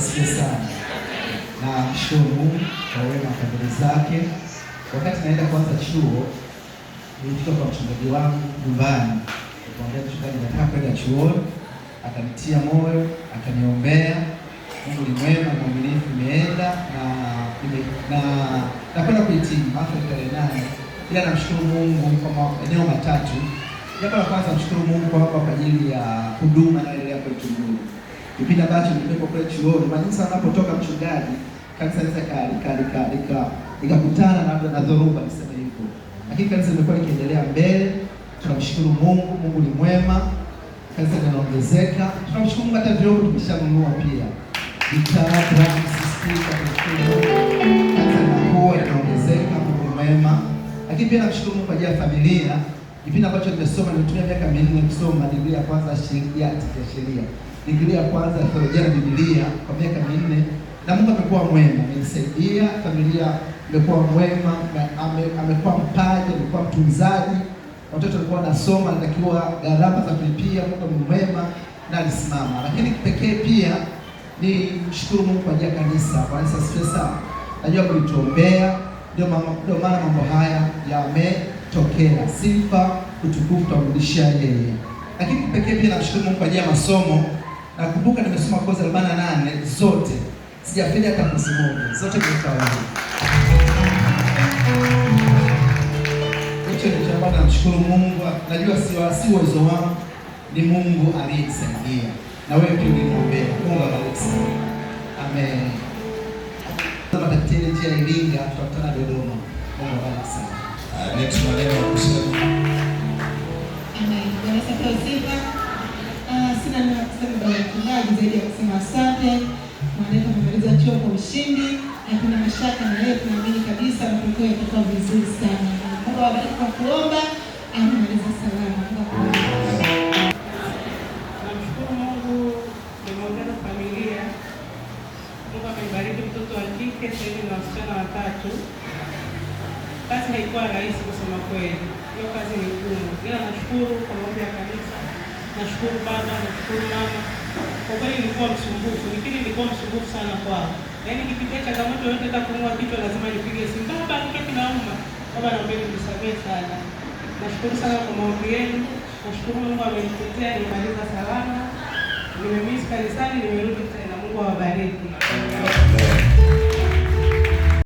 asifiwe sana. Na mshukuru Mungu kwa wema fadhili zake. Wakati naenda kwanza chuo, nilifika kwa mchungaji wangu nyumbani, nikamwambia mchungaji, nataka kwenda chuoni. Akanitia moyo, akaniombea. Mungu ni mwema, mwaminifu. Nimeenda na na nakwenda kuhitimu Afrika tarehe nane, ila namshukuru Mungu kwa maeneo matatu. Jambo la kwanza, namshukuru Mungu kwa kwa ajili ya huduma naendelea kuitumikia kipindi ambacho nilipelekwa kule chuoni, Manyisa anapotoka mchungaji kanisa lisa ikakutana na na dhoruba niseme hivyo, lakini kanisa limekuwa likiendelea mbele. Tunamshukuru Mungu, Mungu ni mwema, kanisa linaongezeka. Tunamshukuru Mungu, hata vyombo tumeshanunua pia, kanisa linakuwa linaongezeka. Mungu ni mwema, lakini pia namshukuru Mungu kwa ajili ya familia kipindi ambacho nimesoma, nimetumia miaka minne kusoma digrii ya kwanza sheria ya sheria, digrii ya kwanza theolojia na Biblia kwa miaka minne, na Mungu amekuwa mwema, amenisaidia. Familia amekuwa mwema, amekuwa mpaji, amekuwa mtunzaji, watoto walikuwa wanasoma, natakiwa gharama za kulipia. Mungu ni mwema na alisimama. Lakini pekee pia ni mshukuru Mungu kwa ajili ya kanisa. Kanisa sipesa najua kulituombea, ndio maana mambo haya yametokea. Sifa utukufu tutamrudishia yeye. Lakini pekee pia namshukuru Mungu kwa ajili ya masomo. Nakumbuka nimesoma kozi 48 zote, sijafeli hata kozi moja, zote nimefaulu. Hicho cha ambacho namshukuru Mungu. Najua si si uwezo wangu, ni Mungu aliyenisaidia, na wewe pia uniombea. Mungu akubariki. Amen. Kama daktari njia Iringa tutakutana Dodoma. Mungu awabariki sana. Next maneno ya Zanzibar. Ah, sina neno kusema baada ya mchungaji zaidi ya kusema asante. Mwanawetu amemaliza chuo kwa ushindi na mashaka na yeye, tunaamini kabisa matokeo yatakuwa vizuri sana. Mungu awabariki kwa kuomba, amemaliza salama. Namshukuru Mungu, nimeongeza familia. Mungu amembariki mtoto wa kike, sasa hivi na wasichana watatu Kazi haikuwa rahisi kusema kweli, hiyo kazi ni ngumu, ila nashukuru kwa maombi ya kanisa, nashukuru baba, nashukuru mama. Kwa kweli nilikuwa msumbufu, lakini nilikuwa msumbufu sana kwao, yaani nikipitia changamoto yoyote, hata kuumwa kichwa lazima nipige simu, baba kichwa kinauma, baba naombeni mnisamehe sana. Nashukuru sana kwa maombi yenu, nashukuru Mungu amenitetea, nimaliza salama, nimemisi kanisani, nimerudi tena. Mungu awabariki.